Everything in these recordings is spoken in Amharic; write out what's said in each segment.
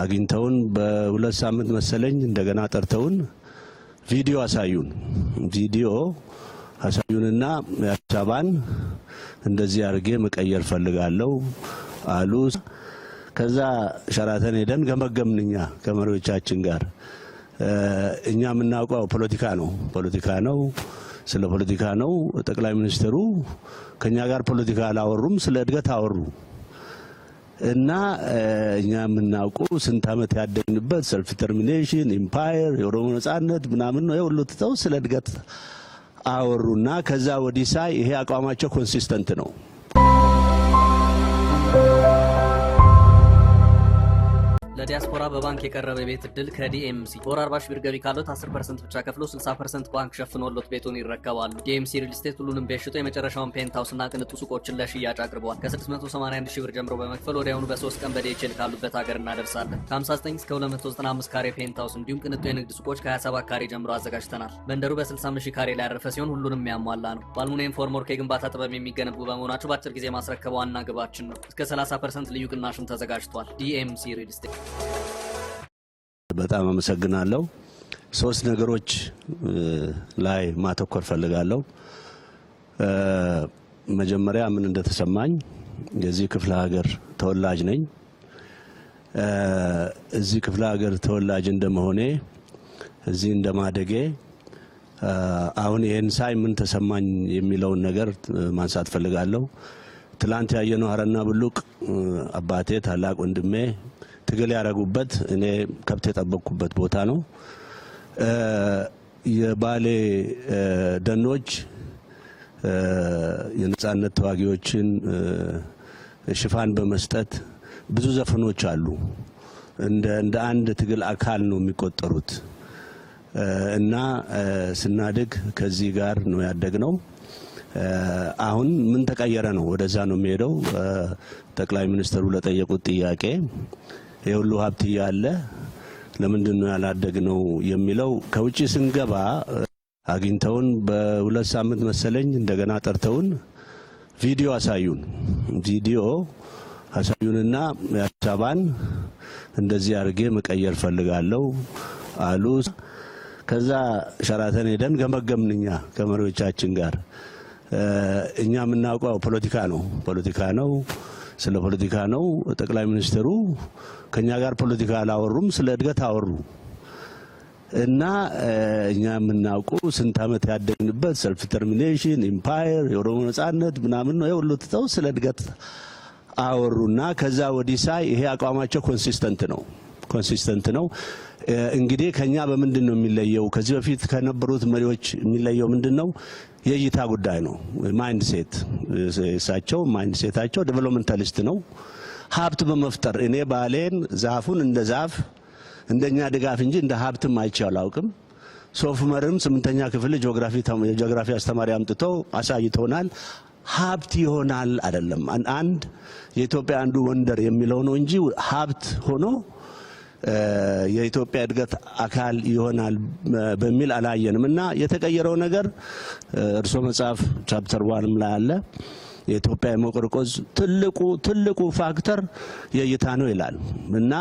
አግኝተውን በሁለት ሳምንት መሰለኝ እንደገና ጠርተውን ቪዲዮ አሳዩን። ቪዲዮ አሳዩንና አዲስ አበባን እንደዚህ አድርጌ መቀየር ፈልጋለሁ አሉ። ከዛ ሸራተን ሄደን ገመገምን እኛ ከመሪዎቻችን ጋር። እኛ የምናውቀው ፖለቲካ ነው ፖለቲካ ነው ስለ ፖለቲካ ነው። ጠቅላይ ሚኒስትሩ ከኛ ጋር ፖለቲካ አላወሩም፣ ስለ እድገት አወሩ። እና እኛ የምናውቁ ስንት ዓመት ያደግንበት ሰልፍ ተርሚኔሽን ኢምፓየር፣ የኦሮሞ ነጻነት ምናምን ነው ሁሉ ትተው ስለ እድገት አወሩና ከዛ ወዲህ ሳይ ይሄ አቋማቸው ኮንሲስተንት ነው። ለዲያስፖራ በባንክ የቀረበ ቤት እድል ከዲኤምሲ ወር 40 ሺህ ብር ገቢ ካሉት 10 ፐርሰንት ብቻ ከፍሎ 60 ፐርሰንት ባንክ ሸፍኖሎት ቤቱን ይረከባሉ። ዲኤምሲ ሪል ስቴት ሁሉንም ቤት ሽጦ የመጨረሻውን ፔንትሃውስ እና ቅንጡ ሱቆችን ለሽያጭ አቅርበዋል። ከ681 ሺህ ብር ጀምሮ በመክፈል ወዲያውኑ በሶስት ቀን በዲኤችል ካሉበት ሀገር እናደርሳለን። ከ59 እስከ 295 ካሬ ፔንትሃውስ እንዲሁም ቅንጡ የንግድ ሱቆች ከ27 ካሬ ጀምሮ አዘጋጅተናል። መንደሩ በ65 ሺህ ካሬ ላይ ያረፈ ሲሆን ሁሉንም ያሟላ ነው። በአልሙኒየም ፎርምወርክ የግንባታ ጥበብ የሚገነቡ በመሆናቸው በአጭር ጊዜ ማስረከብ ዋና ግባችን ነው። እስከ 30 ፐርሰንት ልዩ ቅናሽም ተዘጋጅቷል። ዲኤምሲ ሪል ስቴት በጣም አመሰግናለሁ። ሶስት ነገሮች ላይ ማተኮር ፈልጋለሁ። መጀመሪያ ምን እንደተሰማኝ የዚህ ክፍለ ሀገር ተወላጅ ነኝ። እዚህ ክፍለ ሀገር ተወላጅ እንደመሆኔ እዚህ እንደማደጌ አሁን ይህን ሳይ ምን ተሰማኝ የሚለውን ነገር ማንሳት ፈልጋለሁ። ትላንት ያየነው ሀረና ብሉቅ አባቴ፣ ታላቅ ወንድሜ ትግል ያደረጉበት እኔ ከብት የጠበቅኩበት ቦታ ነው። የባሌ ደኖች የነጻነት ተዋጊዎችን ሽፋን በመስጠት ብዙ ዘፈኖች አሉ። እንደ አንድ ትግል አካል ነው የሚቆጠሩት እና ስናድግ ከዚህ ጋር ነው ያደግ ነው። አሁን ምን ተቀየረ ነው ወደዛ ነው የሚሄደው። ጠቅላይ ሚኒስትሩ ለጠየቁት ጥያቄ የሁሉ ሀብት እያለ ለምንድን ነው ያላደግ ነው የሚለው ከውጭ ስንገባ አግኝተውን በሁለት ሳምንት መሰለኝ እንደገና ጠርተውን ቪዲዮ አሳዩን። ቪዲዮ አሳዩንና አዲስ አበባን እንደዚህ አድርጌ መቀየር ፈልጋለሁ አሉ። ከዛ ሸራተን ሄደን ገመገምን እኛ ከመሪዎቻችን ጋር። እኛ የምናውቀው ፖለቲካ ነው ፖለቲካ ነው ስለ ፖለቲካ ነው። ጠቅላይ ሚኒስትሩ ከእኛ ጋር ፖለቲካ አላወሩም፣ ስለ እድገት አወሩ እና እኛ የምናውቁ ስንት ዓመት ያደግንበት ሰልፍ ተርሚኔሽን፣ ኢምፓየር፣ የኦሮሞ ነጻነት ምናምን ነው የሁሉ ትተው ስለ እድገት አወሩና ከዛ ወዲህ ሳይ ይሄ አቋማቸው ኮንሲስተንት ነው ኮንሲስተንት ነው። እንግዲህ ከኛ በምንድን ነው የሚለየው? ከዚህ በፊት ከነበሩት መሪዎች የሚለየው ምንድን ነው? የእይታ ጉዳይ ነው። ማይንድ ሴት እሳቸው ማይንድ ሴታቸው ዴቨሎፕመንታሊስት ነው። ሀብት በመፍጠር እኔ ባሌን ዛፉን እንደ ዛፍ እንደኛ ድጋፍ እንጂ እንደ ሀብትም አይቼው አላውቅም። መርም ስምንተኛ ክፍል ጂኦግራፊ አስተማሪ አምጥቶ አሳይተውናል። ሀብት ይሆናል አይደለም አንድ የኢትዮጵያ አንዱ ወንደር የሚለው ነው እንጂ ሀብት ሆኖ የኢትዮጵያ እድገት አካል ይሆናል በሚል አላየንም እና የተቀየረው ነገር እርሶ መጽሐፍ ቻፕተር ዋንም ላይ አለ የኢትዮጵያ የመቆርቆዝ ትልቁ ትልቁ ፋክተር የእይታ ነው ይላል እና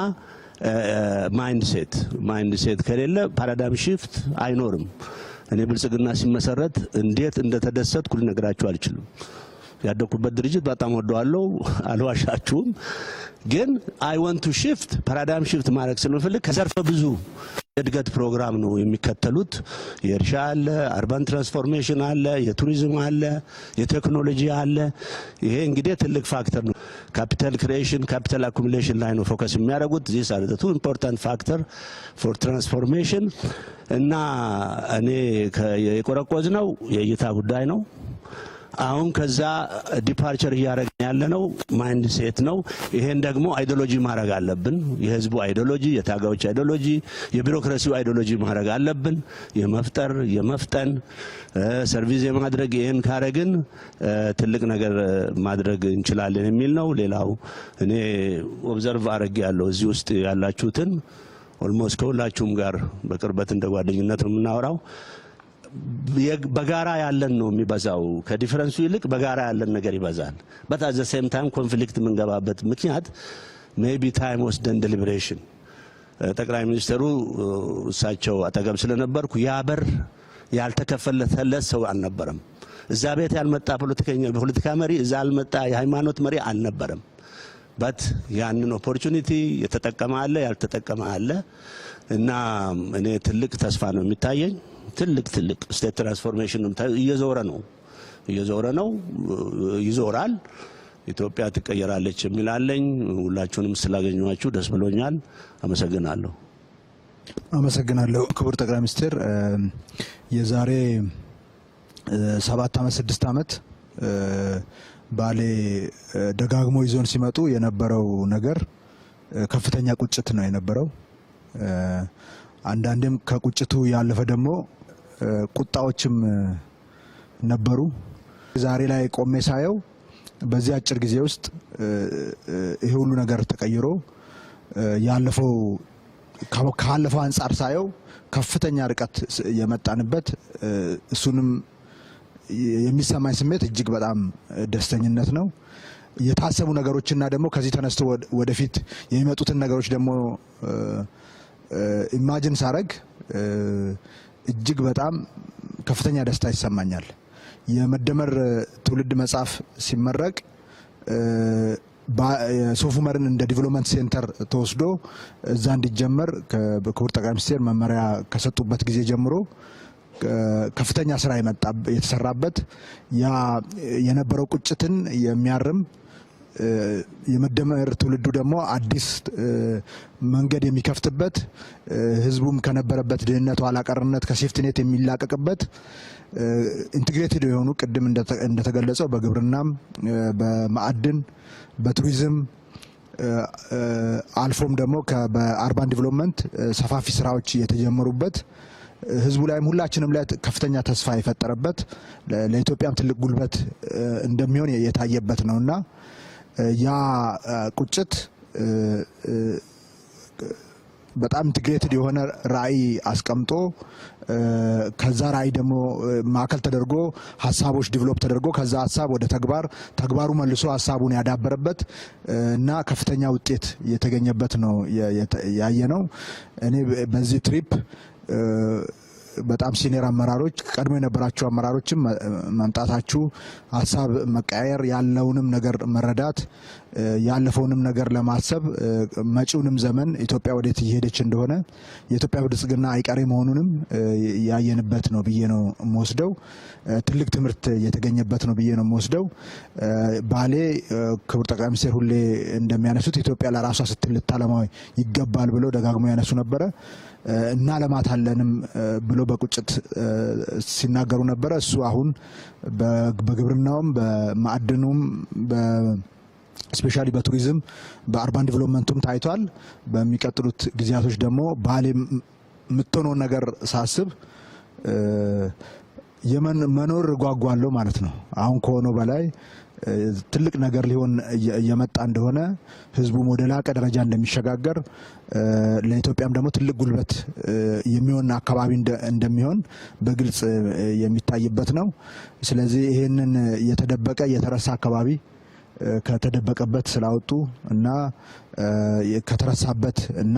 ማይንድ ሴት ማይንድ ሴት ከሌለ ፓራዳይም ሽፍት አይኖርም። እኔ ብልጽግና ሲመሰረት እንዴት እንደተደሰትኩ ልነግራችሁ አልችልም። ያደኩበት ድርጅት በጣም ወደዋለው፣ አልዋሻችሁም። ግን አይ ወንት ቱ ሽፍት ፓራዳይም ሽፍት ማድረግ ስለምፈልግ ከዘርፈ ብዙ የእድገት ፕሮግራም ነው የሚከተሉት። የእርሻ አለ፣ አርባን ትራንስፎርሜሽን አለ፣ የቱሪዝም አለ፣ የቴክኖሎጂ አለ። ይሄ እንግዲህ ትልቅ ፋክተር ነው። ካፒታል ክሪኤሽን፣ ካፒታል አኩሚሌሽን ላይ ነው ፎከስ የሚያደርጉት። ዚስ አር ዘ ቱ ኢምፖርታንት ፋክተር ፎር ትራንስፎርሜሽን እና እኔ የቆረቆዝ ነው የእይታ ጉዳይ ነው። አሁን ከዛ ዲፓርቸር እያደረግን ያለነው ማይንድ ሴት ነው። ይሄን ደግሞ አይዲዮሎጂ ማድረግ አለብን። የህዝቡ አይዶሎጂ የታጋዮች አይዶሎጂ የቢሮክራሲው አይዲሎጂ ማድረግ አለብን። የመፍጠር የመፍጠን ሰርቪስ የማድረግ ይሄን ካረግን ትልቅ ነገር ማድረግ እንችላለን የሚል ነው። ሌላው እኔ ኦብዘርቭ አረግ ያለው እዚህ ውስጥ ያላችሁትን ኦልሞስት ከሁላችሁም ጋር በቅርበት እንደ ጓደኝነት ነው የምናወራው። በጋራ ያለን ነው የሚበዛው። ከዲፈረንሱ ይልቅ በጋራ ያለን ነገር ይበዛል። በት አት ዘ ሴም ታይም ኮንፍሊክት የምንገባበት ምክንያት ሜቢ ቢ ታይም ወስደን ዴሊብሬሽን ጠቅላይ ሚኒስትሩ uh, እሳቸው አጠገብ ስለነበርኩ ያ በር ያልተከፈተለት ሰው አልነበረም። እዛ ቤት ያልመጣ ፖለቲካ መሪ፣ እዛ ያልመጣ የሃይማኖት መሪ አልነበረም። በት ያንን ኦፖርቹኒቲ የተጠቀመ አለ፣ ያልተጠቀመ አለ እና እኔ ትልቅ ተስፋ ነው የሚታየኝ። ትልቅ ትልቅ ስቴት ትራንስፎርሜሽን ነው እየዞረ ነው እየዞረ ነው ይዞራል። ኢትዮጵያ ትቀየራለች የሚላለኝ ሁላችሁንም ስላገኘኋችሁ ደስ ብሎኛል። አመሰግናለሁ። አመሰግናለሁ ክቡር ጠቅላይ ሚኒስትር የዛሬ ሰባት ዓመት ስድስት ዓመት ባሌ ደጋግሞ ይዞን ሲመጡ የነበረው ነገር ከፍተኛ ቁጭት ነው የነበረው። አንዳንዴም ከቁጭቱ ያለፈ ደግሞ ቁጣዎችም ነበሩ። ዛሬ ላይ ቆሜ ሳየው በዚህ አጭር ጊዜ ውስጥ ይሄ ሁሉ ነገር ተቀይሮ ያለፈው ካለፈው አንጻር ሳየው ከፍተኛ ርቀት የመጣንበት እሱንም የሚሰማኝ ስሜት እጅግ በጣም ደስተኝነት ነው። የታሰቡ ነገሮችና ደግሞ ከዚህ ተነስቶ ወደፊት የሚመጡትን ነገሮች ደግሞ ኢማጅን ሳረግ እጅግ በጣም ከፍተኛ ደስታ ይሰማኛል። የመደመር ትውልድ መጽሐፍ ሲመረቅ ሶፍ ዑመርን እንደ ዲቨሎፕመንት ሴንተር ተወስዶ እዛ እንዲጀመር ክቡር ጠቅላይ ሚኒስቴር መመሪያ ከሰጡበት ጊዜ ጀምሮ ከፍተኛ ስራ የተሰራበት ያ የነበረው ቁጭትን የሚያርም የመደመር ትውልዱ ደግሞ አዲስ መንገድ የሚከፍትበት ህዝቡም ከነበረበት ድህነቱ ኋላቀርነት ከሴፍትኔት የሚላቀቅበት ኢንትግሬትድ የሆኑ ቅድም እንደተገለጸው በግብርናም፣ በማዕድን፣ በቱሪዝም አልፎም ደግሞ በአርባን ዲቨሎፕመንት ሰፋፊ ስራዎች የተጀመሩበት ህዝቡ ላይም ሁላችንም ላይ ከፍተኛ ተስፋ የፈጠረበት ለኢትዮጵያም ትልቅ ጉልበት እንደሚሆን የታየበት ነውና ያ ቁጭት በጣም ኢንትግሬትድ የሆነ ራዕይ አስቀምጦ ከዛ ራዕይ ደግሞ ማዕከል ተደርጎ ሀሳቦች ዲቨሎፕ ተደርጎ ከዛ ሀሳብ ወደ ተግባር ተግባሩ መልሶ ሀሳቡን ያዳበረበት እና ከፍተኛ ውጤት የተገኘበት ነው ያየ ነው። እኔ በዚህ ትሪፕ በጣም ሲኒየር አመራሮች ቀድሞ የነበራችሁ አመራሮችም መምጣታችሁ ሀሳብ መቀያየር ያለውንም ነገር መረዳት ያለፈውንም ነገር ለማሰብ መጪውንም ዘመን ኢትዮጵያ ወዴት እየሄደች እንደሆነ የኢትዮጵያ ብልጽግና አይቀሬ መሆኑንም ያየንበት ነው ብዬ ነው የምወስደው። ትልቅ ትምህርት የተገኘበት ነው ብዬ ነው የምወስደው። ባሌ ክቡር ጠቅላይ ሚኒስትር ሁሌ እንደሚያነሱት ኢትዮጵያ ለራሷ ስትል ልታለማ ይገባል ብለው ደጋግሞ ያነሱ ነበረ። እና ለማት አለንም ብሎ በቁጭት ሲናገሩ ነበረ። እሱ አሁን በግብርናውም በማዕድኑም ስፔሻሊ በቱሪዝም በአርባን ዲቨሎፕመንቱም ታይቷል። በሚቀጥሉት ጊዜያቶች ደግሞ ባሌ የምትሆነውን ነገር ሳስብ መኖር ጓጓለሁ ማለት ነው። አሁን ከሆነው በላይ ትልቅ ነገር ሊሆን እየመጣ እንደሆነ ህዝቡም ወደ ላቀ ደረጃ እንደሚሸጋገር ለኢትዮጵያም ደግሞ ትልቅ ጉልበት የሚሆን አካባቢ እንደሚሆን በግልጽ የሚታይበት ነው። ስለዚህ ይህንን የተደበቀ የተረሳ አካባቢ ከተደበቀበት ስላወጡ እና ከተረሳበት እና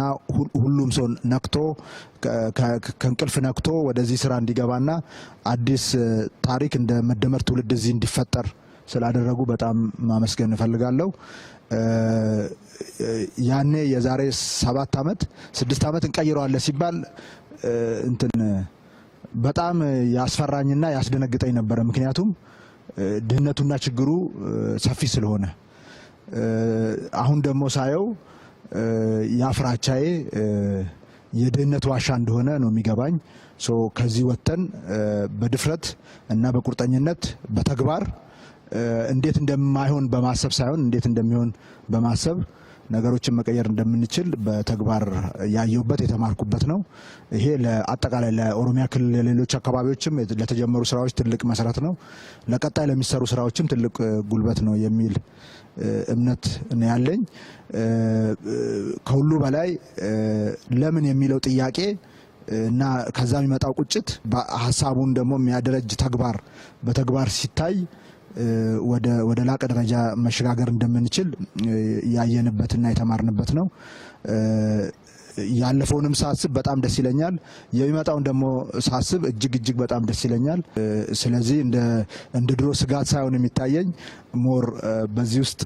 ሁሉም ሰው ነክቶ ከእንቅልፍ ነክቶ ወደዚህ ስራ እንዲገባና አዲስ ታሪክ እንደ መደመር ትውልድ እዚህ እንዲፈጠር ስላደረጉ በጣም ማመስገን እፈልጋለሁ። ያኔ የዛሬ ሰባት ዓመት ስድስት ዓመት እንቀይረዋለን ሲባል እንትን በጣም ያስፈራኝና ያስደነግጠኝ ነበረ ምክንያቱም ድህነቱና ችግሩ ሰፊ ስለሆነ አሁን ደግሞ ሳየው የአፍራቻዬ የድህነት ዋሻ እንደሆነ ነው የሚገባኝ። ከዚህ ወጥተን በድፍረት እና በቁርጠኝነት በተግባር እንዴት እንደማይሆን በማሰብ ሳይሆን እንዴት እንደሚሆን በማሰብ ነገሮችን መቀየር እንደምንችል በተግባር ያየሁበት የተማርኩበት ነው። ይሄ አጠቃላይ ለኦሮሚያ ክልል ለሌሎች አካባቢዎችም ለተጀመሩ ስራዎች ትልቅ መሰረት ነው፣ ለቀጣይ ለሚሰሩ ስራዎችም ትልቅ ጉልበት ነው የሚል እምነት ነው ያለኝ። ከሁሉ በላይ ለምን የሚለው ጥያቄ እና ከዛ የሚመጣው ቁጭት ሀሳቡን ደግሞ የሚያደረጅ ተግባር በተግባር ሲታይ ወደ ላቀ ደረጃ መሸጋገር እንደምንችል ያየንበትና የተማርንበት ነው። ያለፈውንም ሳስብ በጣም ደስ ይለኛል። የሚመጣውን ደግሞ ሳስብ እጅግ እጅግ በጣም ደስ ይለኛል። ስለዚህ እንደ ድሮ ስጋት ሳይሆን የሚታየኝ ሞር በዚህ ውስጥ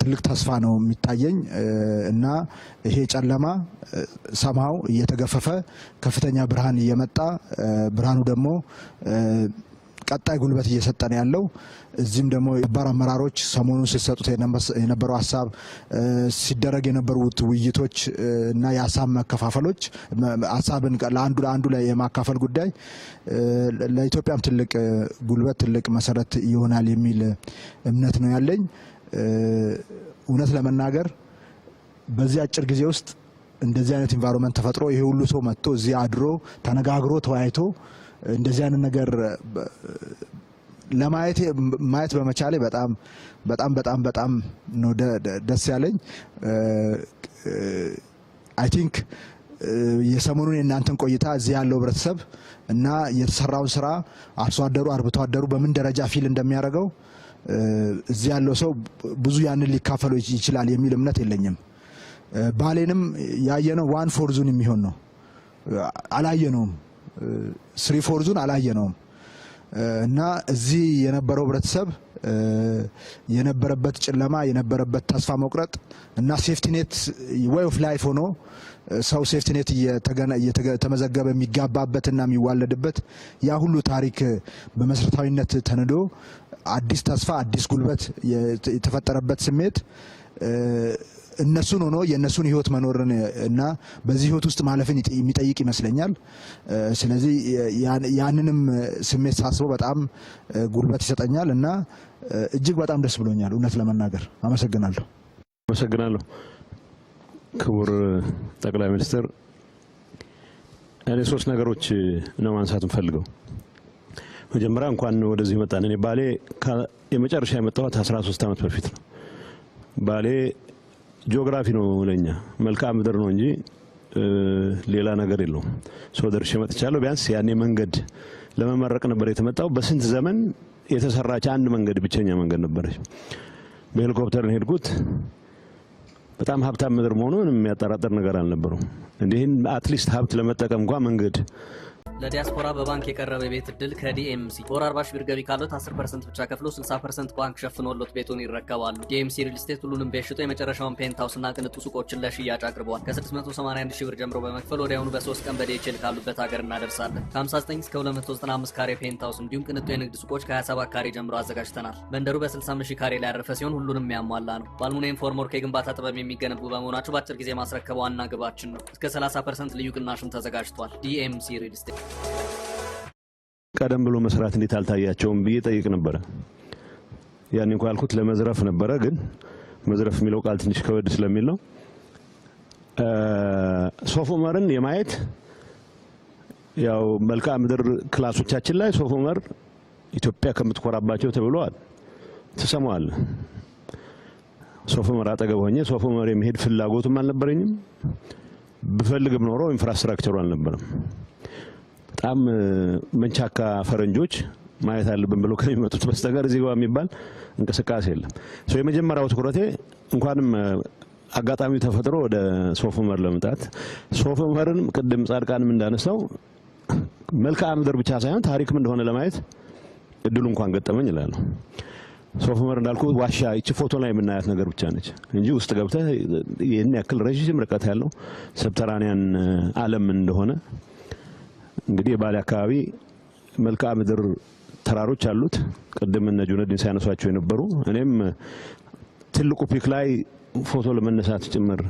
ትልቅ ተስፋ ነው የሚታየኝ እና ይሄ ጨለማ ሰማው እየተገፈፈ ከፍተኛ ብርሃን እየመጣ ብርሃኑ ደግሞ ቀጣይ ጉልበት እየሰጠን ያለው እዚህም ደግሞ የባር አመራሮች ሰሞኑን ሲሰጡት የነበረው ሀሳብ ሲደረግ የነበሩት ውይይቶች እና የሀሳብ መከፋፈሎች ሀሳብን ለአንዱ ለአንዱ ላይ የማካፈል ጉዳይ ለኢትዮጵያም ትልቅ ጉልበት ትልቅ መሰረት ይሆናል የሚል እምነት ነው ያለኝ። እውነት ለመናገር በዚህ አጭር ጊዜ ውስጥ እንደዚህ አይነት ኢንቫይሮንመንት ተፈጥሮ ይሄ ሁሉ ሰው መጥቶ እዚህ አድሮ ተነጋግሮ ተወያይቶ እንደዚህ አይነት ነገር ለማየት ማየት በመቻሌ በጣም በጣም በጣም በጣም ነው ደስ ያለኝ። አይ ቲንክ የሰሞኑን የእናንተን ቆይታ እዚህ ያለው ህብረተሰብ እና የተሰራውን ስራ አርሶ አደሩ አርብቶ አደሩ በምን ደረጃ ፊል እንደሚያደርገው እዚህ ያለው ሰው ብዙ ያንን ሊካፈለው ይችላል የሚል እምነት የለኝም። ባሌንም ያየነው ዋን ፎርዙን የሚሆን ነው አላየነውም። ፎርዙን አላየነውም እና እዚህ የነበረው ህብረተሰብ የነበረበት ጨለማ የነበረበት ተስፋ መቁረጥ እና ሴፍቲኔት ወይ ኦፍ ላይፍ ሆኖ ሰው ሴፍቲኔት እየተመዘገበ የሚጋባበትና የሚዋለድበት ያ ሁሉ ታሪክ በመሰረታዊነት ተንዶ አዲስ ተስፋ አዲስ ጉልበት የተፈጠረበት ስሜት እነሱን ሆኖ የእነሱን ህይወት መኖርን እና በዚህ ህይወት ውስጥ ማለፍን የሚጠይቅ ይመስለኛል። ስለዚህ ያንንም ስሜት ሳስበው በጣም ጉልበት ይሰጠኛል እና እጅግ በጣም ደስ ብሎኛል። እውነት ለመናገር አመሰግናለሁ። አመሰግናለሁ ክቡር ጠቅላይ ሚኒስትር። እኔ ሶስት ነገሮች ነው ማንሳት የምፈልገው። መጀመሪያ እንኳን ወደዚህ መጣን። እኔ ባሌ የመጨረሻ የመጣሁት 13 ዓመት በፊት ነው ባሌ ጂኦግራፊ ነው ለኛ መልክዓ ምድር ነው እንጂ ሌላ ነገር የለውም። ሰው ደርሼ መጥቻለሁ። ቢያንስ ያኔ መንገድ ለመመረቅ ነበር የተመጣው። በስንት ዘመን የተሰራች አንድ መንገድ ብቸኛ መንገድ ነበረች። በሄሊኮፕተር ነው ሄድኩት። በጣም ሀብታም ምድር መሆኑን የሚያጠራጥር ነገር አልነበረውም። እንዲህን አትሊስት ሀብት ለመጠቀም እንኳ መንገድ ለዲያስፖራ በባንክ የቀረበ ቤት እድል ከዲኤምሲ ወር 40 ሺህ ብር ገቢ ካሉት 10 ፐርሰንት ብቻ ከፍሎ 60 ፐርሰንት ባንክ ሸፍኖሎት ቤቱን ይረከባሉ። ዲኤምሲ ሪል ስቴት ሁሉንም ቤት ሽጦ የመጨረሻውን ፔንትሃውስ እና ቅንጡ ሱቆችን ለሽያጭ አቅርበዋል ከ ከ681 ሺህ ብር ጀምሮ በመክፈል ወዲያውኑ በሶስት ቀን ችል ካሉበት ሀገር እናደርሳለን። ከ59 እስከ 295 ካሬ ፔንትሃውስ እንዲሁም ቅንጡ የንግድ ሱቆች ከ27 ካሬ ጀምሮ አዘጋጅተናል። መንደሩ በ65 ሺህ ካሬ ላይ ያረፈ ሲሆን ሁሉንም ያሟላ ነው። በአልሙኒየም ፎርምወርክ የግንባታ ጥበብ የሚገነቡ በመሆናቸው በአጭር ጊዜ ማስረከብ ዋና ግባችን ነው። እስከ 30 ፐርሰንት ልዩ ቅናሽም ተዘጋጅቷል። ዲኤምሲ ሪል ስቴት ቀደም ብሎ መስራት እንዴት አልታያቸውም ብዬ ጠይቅ ነበረ። ያን እንኳ ያልኩት ለመዝረፍ ነበረ፣ ግን መዝረፍ የሚለው ቃል ትንሽ ከወድ ስለሚል ነው። ሶፍ ዑመርን የማየት ያው መልክዓ ምድር ክላሶቻችን ላይ ሶፍ ዑመር ኢትዮጵያ ከምትኮራባቸው ተብለዋል። ትሰማዋል። ሶፍ ዑመር አጠገብ ሆኜ ሶፍ ዑመር የመሄድ ፍላጎትም አልነበረኝም። ብፈልግም ኖሮ ኢንፍራስትራክቸሩ አልነበረም። በጣም መንቻካ ፈረንጆች ማየት አለብን ብለው ከሚመጡት በስተቀር እዚህ ጋር የሚባል እንቅስቃሴ የለም። የመጀመሪያው ትኩረቴ እንኳንም አጋጣሚ ተፈጥሮ ወደ ሶፍ ዑመር ለመምጣት ሶፍ ዑመርን ቅድም ጻድቃንም እንዳነሳው መልክዓ ምድር ብቻ ሳይሆን ታሪክም እንደሆነ ለማየት እድሉ እንኳን ገጠመኝ ይላሉ። ሶፍ ዑመር እንዳልኩ ዋሻ ይቺ ፎቶ ላይ የምናያት ነገር ብቻ ነች እንጂ ውስጥ ገብተህ ይህን ያክል ረዥም ርቀት ያለው ሰብተራኒያን ዓለም እንደሆነ እንግዲህ የባሌ አካባቢ መልክዓ ምድር ተራሮች አሉት። ቅድም እነ ጁነዲን ሲያነሷቸው የነበሩ እኔም ትልቁ ፒክ ላይ ፎቶ ለመነሳት ጭምር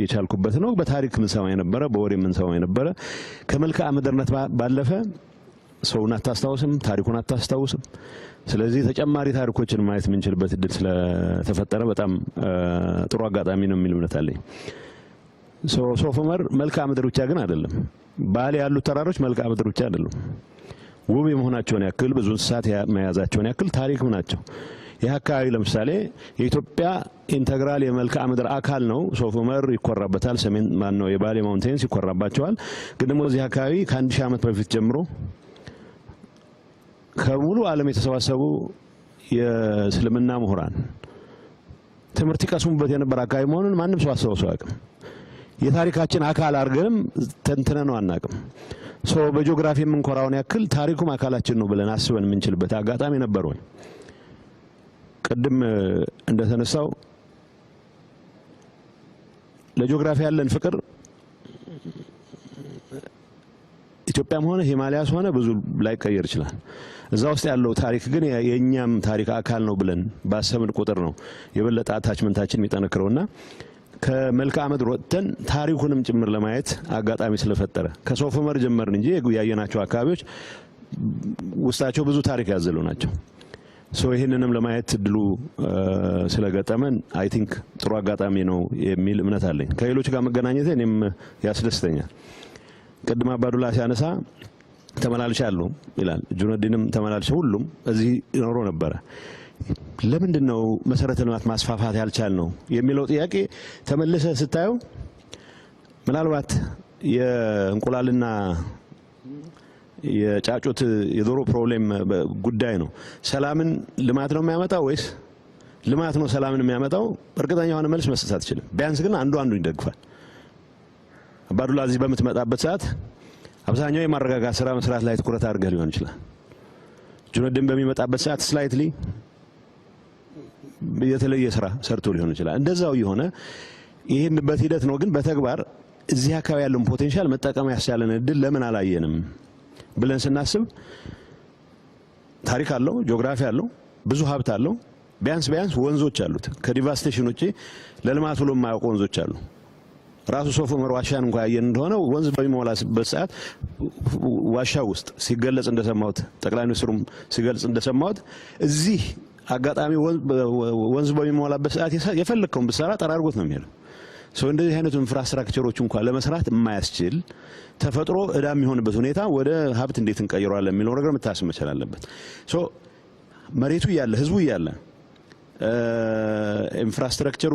የቻልኩበት ነው። በታሪክ ምንሰማ የነበረ በወሬ ምንሰማ የነበረ ከመልክዓ ምድርነት ባለፈ ሰውን አታስታውስም፣ ታሪኩን አታስታውስም። ስለዚህ ተጨማሪ ታሪኮችን ማየት የምንችልበት እድል ስለተፈጠረ በጣም ጥሩ አጋጣሚ ነው የሚል እምነት አለኝ። ሶፍ ዑመር መልክዓ ምድር ብቻ ግን አይደለም። ባሌ ያሉት ተራሮች መልክዓ ምድር ብቻ አይደሉም። ውብ የመሆናቸውን ያክል ብዙ እንስሳት መያዛቸውን ያክል ታሪክም ናቸው። ይህ አካባቢ ለምሳሌ የኢትዮጵያ ኢንተግራል የመልክዓ ምድር አካል ነው። ሶፍ ዑመር ይኮራበታል። ሰሜን ማን ነው የባሌ ማውንቴንስ ይኮራባቸዋል። ግን ደግሞ እዚህ አካባቢ ከአንድ ሺህ ዓመት በፊት ጀምሮ ከሙሉ ዓለም የተሰባሰቡ የእስልምና ምሁራን ትምህርት ይቀስሙበት የነበረ አካባቢ መሆኑን ማንም ሰው አስታውሶ አያውቅም። የታሪካችን አካል አድርገንም ተንትነ ነው አናቅም። ሰው በጂኦግራፊ የምንኮራውን ያክል ታሪኩም አካላችን ነው ብለን አስበን የምንችልበት አጋጣሚ ነበር ወይ? ቅድም እንደተነሳው ለጂኦግራፊ ያለን ፍቅር ኢትዮጵያም ሆነ ሂማሊያስ ሆነ ብዙ ላይቀየር ይችላል። እዛ ውስጥ ያለው ታሪክ ግን የእኛም ታሪክ አካል ነው ብለን ባሰብን ቁጥር ነው የበለጠ አታችመንታችን የሚጠነክረውና ከመልክዓ ምድር ወጥተን ታሪኩንም ጭምር ለማየት አጋጣሚ ስለፈጠረ ከሶፍ ዑመር ጀመርን እንጂ ያየናቸው አካባቢዎች ውስጣቸው ብዙ ታሪክ ያዘሉ ናቸው። ሰው ይህንንም ለማየት እድሉ ስለገጠመን አይ ቲንክ ጥሩ አጋጣሚ ነው የሚል እምነት አለኝ። ከሌሎች ጋር መገናኘት እኔም ያስደስተኛል። ቅድም አባዱላ ሲያነሳ ተመላልሻ አሉ ይላል። ጁነዲንም ተመላልሻ፣ ሁሉም እዚህ ኖሮ ነበረ። ለምንድን ነው መሰረተ ልማት ማስፋፋት ያልቻል ነው የሚለው ጥያቄ ተመልሰ ስታየው ምናልባት የእንቁላልና የጫጩት የዶሮ ፕሮብሌም ጉዳይ ነው። ሰላምን ልማት ነው የሚያመጣው ወይስ ልማት ነው ሰላምን የሚያመጣው? እርግጠኛ የሆነ መልስ መስጠት አትችልም። ቢያንስ ግን አንዱ አንዱ ይደግፋል። አባዱላ እዚህ በምትመጣበት ሰዓት አብዛኛው የማረጋጋት ስራ መስራት ላይ ትኩረት አድርገህ ሊሆን ይችላል። ጁነድን በሚመጣበት ሰዓት ስላይትሊ የተለየ ስራ ሰርቶ ሊሆን ይችላል። እንደዛው የሆነ ይህንበት ሂደት ነው። ግን በተግባር እዚህ አካባቢ ያለውን ፖቴንሻል መጠቀም ያስቻለን እድል ለምን አላየንም ብለን ስናስብ ታሪክ አለው፣ ጂኦግራፊ አለው፣ ብዙ ሀብት አለው። ቢያንስ ቢያንስ ወንዞች አሉት። ከዲቫስቴሽን ውጭ ለልማት ብሎ የማያውቁ ወንዞች አሉ። ራሱ ሶፍ ዑመር ዋሻን እንኳ ያየን እንደሆነ ወንዝ በሚሞላበት ሰዓት ዋሻ ውስጥ ሲገለጽ እንደሰማሁት ጠቅላይ ሚኒስትሩም ሲገልጽ እንደሰማሁት እዚህ አጋጣሚ ወንዝ በሚሞላበት ሰዓት የፈለግከውን ብትሰራ ጠራርጎት ነው የሚሄደው። ሰው እንደዚህ አይነቱ ኢንፍራስትራክቸሮች እንኳን ለመስራት የማያስችል ተፈጥሮ እዳ የሚሆንበት ሁኔታ ወደ ሀብት እንዴት እንቀይረዋለን የሚለው ነገር መታሰብ መቻል አለበት። መሬቱ እያለ ህዝቡ እያለ ኢንፍራስትራክቸሩ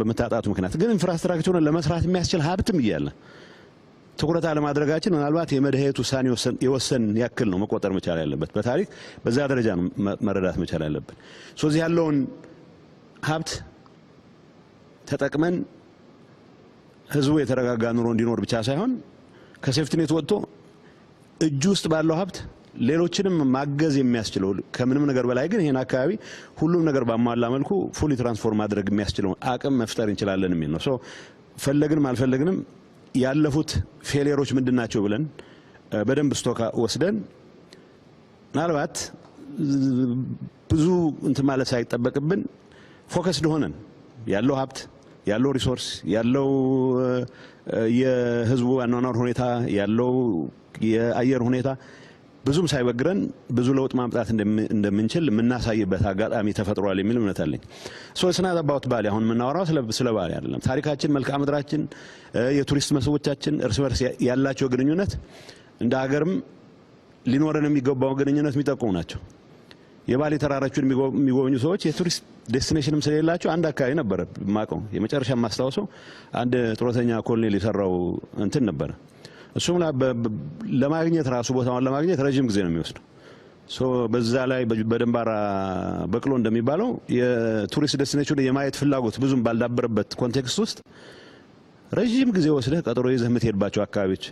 በመታጣቱ ምክንያት ግን ኢንፍራስትራክቸሩን ለመስራት የሚያስችል ሀብትም እያለ ትኩረት አለማድረጋችን ምናልባት የመድሄት ውሳኔ የወሰን ያክል ነው መቆጠር መቻል ያለበት። በታሪክ በዛ ደረጃ ነው መረዳት መቻል ያለብን። ስለዚህ ያለውን ሀብት ተጠቅመን ህዝቡ የተረጋጋ ኑሮ እንዲኖር ብቻ ሳይሆን ከሴፍትኔት ወጥቶ እጁ ውስጥ ባለው ሀብት ሌሎችንም ማገዝ የሚያስችለው ከምንም ነገር በላይ ግን ይህን አካባቢ ሁሉም ነገር ባሟላ መልኩ ፉሊ ትራንስፎርም ማድረግ የሚያስችለው አቅም መፍጠር እንችላለን የሚል ነው። ፈለግንም አልፈለግንም ያለፉት ፌሌሮች ምንድን ናቸው ብለን በደንብ ስቶካ ወስደን ምናልባት ብዙ እንትን ማለት ሳይጠበቅብን ፎከስድ ሆነን ያለው ሀብት ያለው ሪሶርስ ያለው የህዝቡ አኗኗር ሁኔታ ያለው የአየር ሁኔታ ብዙም ሳይበግረን ብዙ ለውጥ ማምጣት እንደምንችል የምናሳይበት አጋጣሚ ተፈጥሯል የሚል እምነት አለኝ። ስናት ጠባውት ባሌ አሁን የምናወራው ስለ ባሌ አይደለም። ታሪካችን፣ መልክዓ ምድራችን፣ የቱሪስት መስህቦቻችን፣ እርስ በርስ ያላቸው ግንኙነት እንደ ሀገርም ሊኖረን የሚገባው ግንኙነት የሚጠቁሙ ናቸው። የባሌ ተራራችን የሚጎበኙ ሰዎች የቱሪስት ዴስቲኔሽንም ስለሌላቸው አንድ አካባቢ ነበረ ማቀው የመጨረሻ የማስታውሰው አንድ ጡረተኛ ኮሎኔል የሰራው እንትን ነበረ እሱም ለማግኘት ራሱ ቦታውን ለማግኘት ረዥም ጊዜ ነው የሚወስደው። በዛ ላይ በደንባራ በቅሎ እንደሚባለው የቱሪስት ደስቲኔሽን የማየት ፍላጎት ብዙም ባልዳበረበት ኮንቴክስት ውስጥ ረዥም ጊዜ ወስደህ ቀጠሮ ይዘህ የምትሄድባቸው አካባቢዎች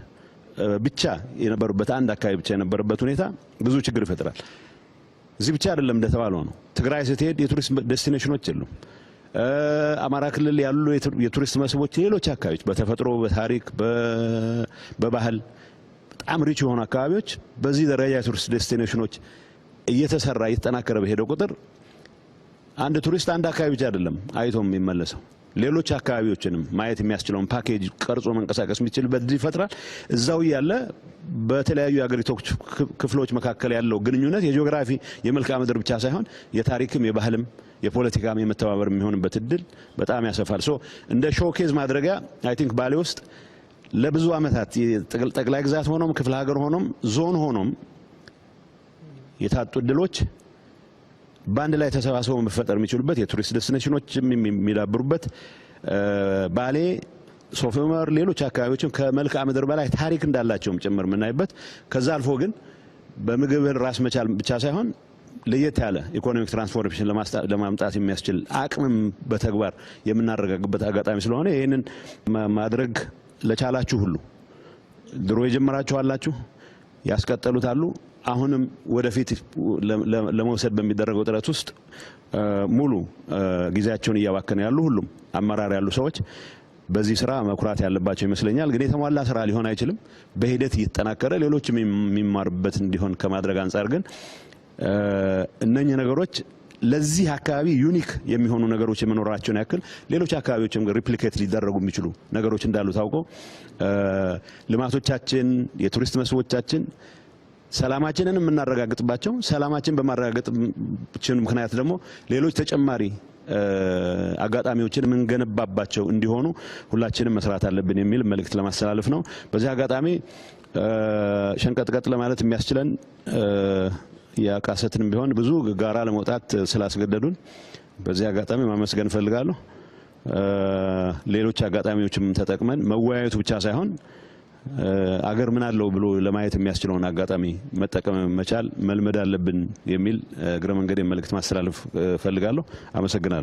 ብቻ የነበሩበት አንድ አካባቢ ብቻ የነበረበት ሁኔታ ብዙ ችግር ይፈጥራል። እዚህ ብቻ አይደለም እንደተባለው ነው። ትግራይ ስትሄድ የቱሪስት ደስቲኔሽኖች የሉም። አማራ ክልል ያሉ የቱሪስት መስህቦች፣ ሌሎች አካባቢዎች በተፈጥሮ በታሪክ በባህል በጣም ሪች የሆኑ አካባቢዎች በዚህ ደረጃ የቱሪስት ዴስቲኔሽኖች እየተሰራ እየተጠናከረ በሄደ ቁጥር አንድ ቱሪስት አንድ አካባቢ ብቻ አይደለም አይቶ የሚመለሰው ሌሎች አካባቢዎችንም ማየት የሚያስችለውን ፓኬጅ ቀርጾ መንቀሳቀስ የሚችልበት ይፈጥራል። እዛው እያለ በተለያዩ የአገሪቶች ክፍሎች መካከል ያለው ግንኙነት የጂኦግራፊ የመልክዓ ምድር ብቻ ሳይሆን የታሪክም የባህልም የፖለቲካ የመተባበር የሚሆንበት እድል በጣም ያሰፋል። ሶ እንደ ሾኬዝ ማድረጊያ አይ ቲንክ ባሌ ውስጥ ለብዙ ዓመታት ጠቅላይ ግዛት ሆኖም ክፍለ ሀገር ሆኖም ዞን ሆኖም የታጡ እድሎች በአንድ ላይ ተሰባስበው መፈጠር የሚችሉበት የቱሪስት ዴስቲኔሽኖችም የሚዳብሩበት ባሌ ሶፍ ዑመር ሌሎች አካባቢዎችም ከመልክዓ ምድር በላይ ታሪክ እንዳላቸውም ጭምር የምናይበት ከዛ አልፎ ግን በምግብ ራስ መቻል ብቻ ሳይሆን ለየት ያለ ኢኮኖሚክ ትራንስፎርሜሽን ለማምጣት የሚያስችል አቅምም በተግባር የምናረጋግበት አጋጣሚ ስለሆነ ይህንን ማድረግ ለቻላችሁ ሁሉ ድሮ የጀመራችሁ አላችሁ፣ ያስቀጠሉት አሉ። አሁንም ወደፊት ለመውሰድ በሚደረገው ጥረት ውስጥ ሙሉ ጊዜያቸውን እያባከነ ያሉ ሁሉም አመራር ያሉ ሰዎች በዚህ ስራ መኩራት ያለባቸው ይመስለኛል። ግን የተሟላ ስራ ሊሆን አይችልም። በሂደት እየተጠናከረ ሌሎችም የሚማሩበት እንዲሆን ከማድረግ አንጻር ግን እነኚህ ነገሮች ለዚህ አካባቢ ዩኒክ የሚሆኑ ነገሮች የመኖራቸውን ያክል ሌሎች አካባቢዎችም ሪፕሊኬት ሊደረጉ የሚችሉ ነገሮች እንዳሉ ታውቆ ልማቶቻችን፣ የቱሪስት መስህቦቻችን ሰላማችንን የምናረጋግጥባቸው ሰላማችን በማረጋገጥችን ምክንያት ደግሞ ሌሎች ተጨማሪ አጋጣሚዎችን የምንገነባባቸው እንዲሆኑ ሁላችንም መስራት አለብን የሚል መልእክት ለማስተላለፍ ነው። በዚህ አጋጣሚ ሸንቀጥቀጥ ለማለት የሚያስችለን ያቃሰትንም ቢሆን ብዙ ጋራ ለመውጣት ስላስገደዱን በዚህ አጋጣሚ ማመስገን እፈልጋለሁ። ሌሎች አጋጣሚዎችም ተጠቅመን መወያየቱ ብቻ ሳይሆን አገር ምን አለው ብሎ ለማየት የሚያስችለውን አጋጣሚ መጠቀም መቻል መልመድ አለብን የሚል እግረ መንገድ መልእክት ማስተላለፍ እፈልጋለሁ። አመሰግናለሁ።